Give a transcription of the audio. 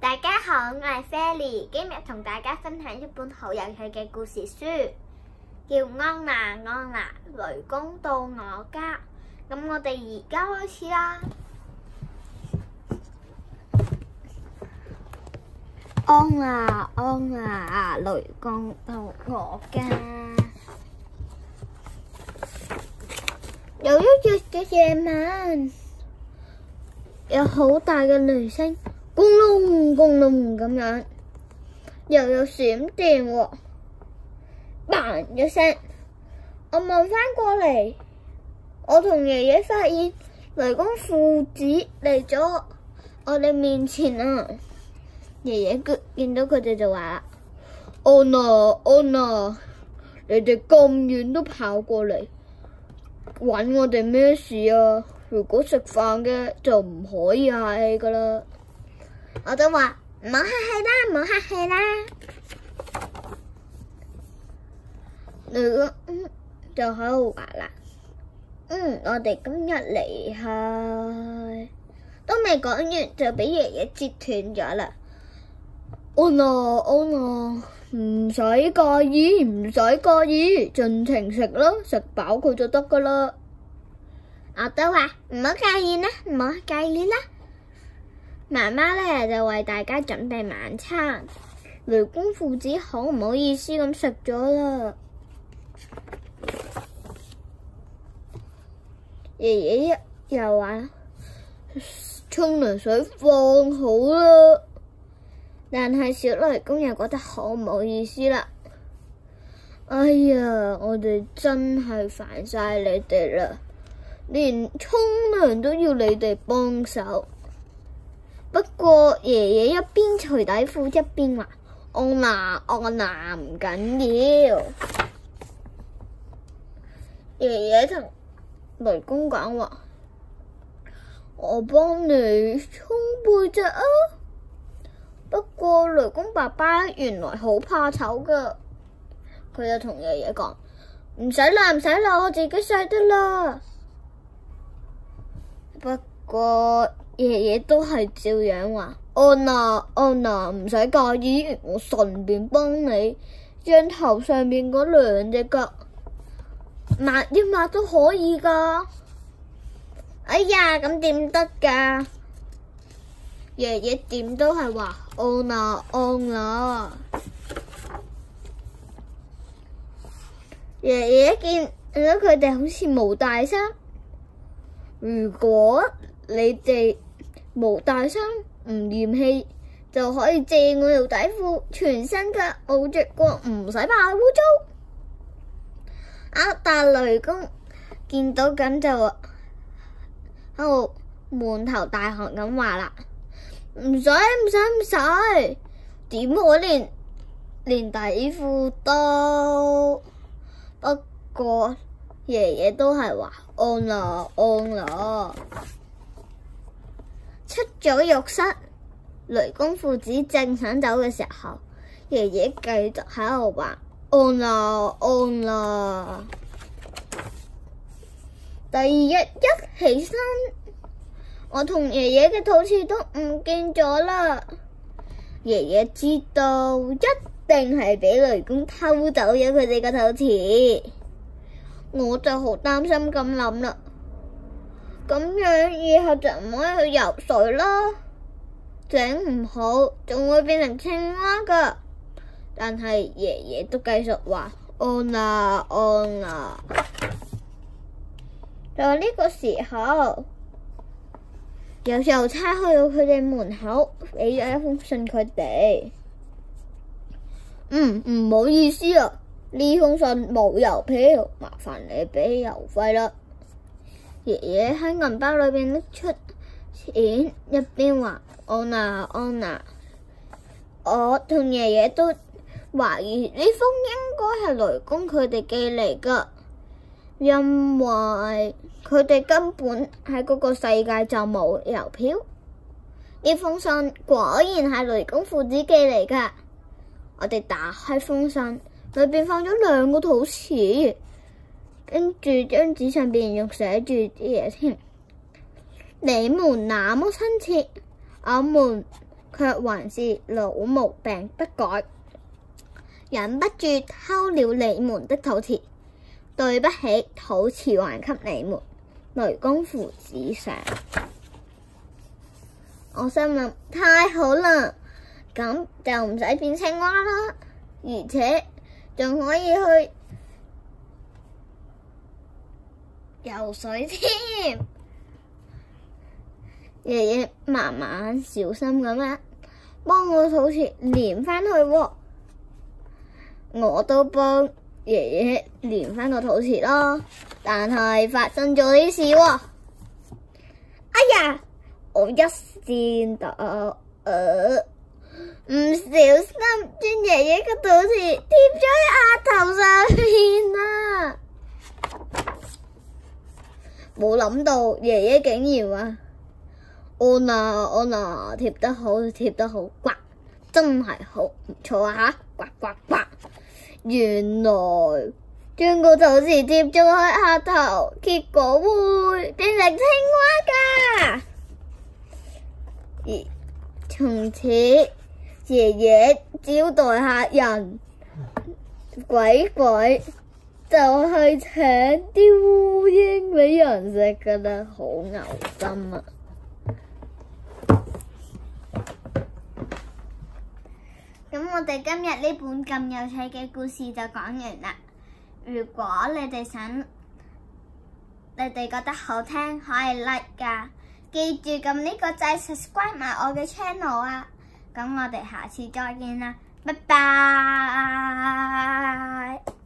大家好，我係 Fely，今日同大家分享一本好有趣嘅故事書，叫《安啦安啦雷公到我家》。咁我哋而家開始啦。安啦安啦，雷公到我家。有一日嘅夜晚，有好大嘅雷聲。咕隆咕隆咁樣，又有閃電喎 bang 一聲，我望返過嚟，我同爺爺發現雷公父子嚟咗我哋面前啊！爺爺佢見到佢哋就話啦：安啦，安啦，你哋咁遠都跑過嚟，揾我哋咩事啊？如果食飯嘅就唔可以客氣噶啦。我都話唔好客氣啦，唔好客氣啦。嗯，就喺度話啦。嗯，我哋今日離開都未講完，就俾爺爺截斷咗啦。安啦！安啦！唔使介意，唔使介意，盡情食啦，食飽佢就得噶啦。我都話唔好介意啦，唔好介意啦。媽媽咧就為大家準備晚餐，雷公父子好唔好意思咁食咗啦。爺爺又又話沖涼水放好啦，但係小雷公又覺得好唔好意思啦。哎呀，我哋真係煩晒你哋啦，連沖涼都要你哋幫手。不過爺爺一邊除底褲一邊話，安啦，安啦唔緊要。爺爺同雷公講話，我幫你沖背脊啊。不過雷公爸爸原來好怕醜噶，佢就同爺爺講，唔使啦唔使啦，我自己洗得啦。不過。爺爺都係照樣話,安啦,安啦,唔使介意,我順便幫你,將頭上面嗰兩隻腳,冇大傷，唔嫌棄就可以借我條底褲，全身腳冇着過唔使怕污糟。阿大雷公見到咁就喺度滿頭大汗咁話啦，唔使唔使唔使，點可連連底褲都？不過爺爺都係話安啦安啦。喺浴室，雷公父子正想走嘅時候，爺爺繼續喺度話：安啦，安啦。第二日一起身，我同爺爺嘅肚臍都唔見咗啦。爺爺知道一定係俾雷公偷走咗佢哋嘅肚臍，我就好擔心咁諗啦。咁樣以後就唔可以去游水啦，整唔好仲會變成青蛙㗎。但係爺爺都繼續話安啦，安啦。On, on, on 就呢個時候，有時候差開到佢哋門口，畀咗一封信佢哋。嗯，唔好意思啊，呢封信冇郵票，麻煩你畀郵費啦。爺爺喺銀包裏邊拎出錢，一邊話：安啦，安啦，我同爺爺都懷疑呢封應該係雷公佢哋寄嚟噶，因為佢哋根本喺嗰個世界就冇郵票。呢封信果然係雷公父子寄嚟噶，我哋打開封信，裏邊放咗兩個肚臍。跟住張紙上面又寫住啲嘢添，你們那麼親切，我們卻還是老毛病不改，忍不住偷了你們的肚臍，對不起，肚臍還給你們，雷公父子上。我心諗，太好啦，咁就唔使變青蛙啦，而且仲可以去，游水添，爺爺慢慢小心咁啦，幫我肚臍連翻去，我都幫爺爺連翻個肚臍咯。但係發生咗啲事喎，哎呀，我一見到，唔小心將爺爺個肚臍貼咗啊！冇諗到爺爺竟然話，安啦，安啦，貼得好，貼得好，呱，真係好唔錯啊！呱呱呱，原來將個肚臍貼喺額頭，結果會變成青蛙噶。從此爺爺招待客人，鬼鬼。就係請啲烏蠅俾人食，覺得好嘔心啊！咁我哋今日呢本咁有趣嘅故事就講完啦。如果你哋想，你哋覺得好聽，可以 like 噶。記住撳呢個掣 subscribe 埋我嘅 channel 啊！咁我哋下次再見啦，拜拜。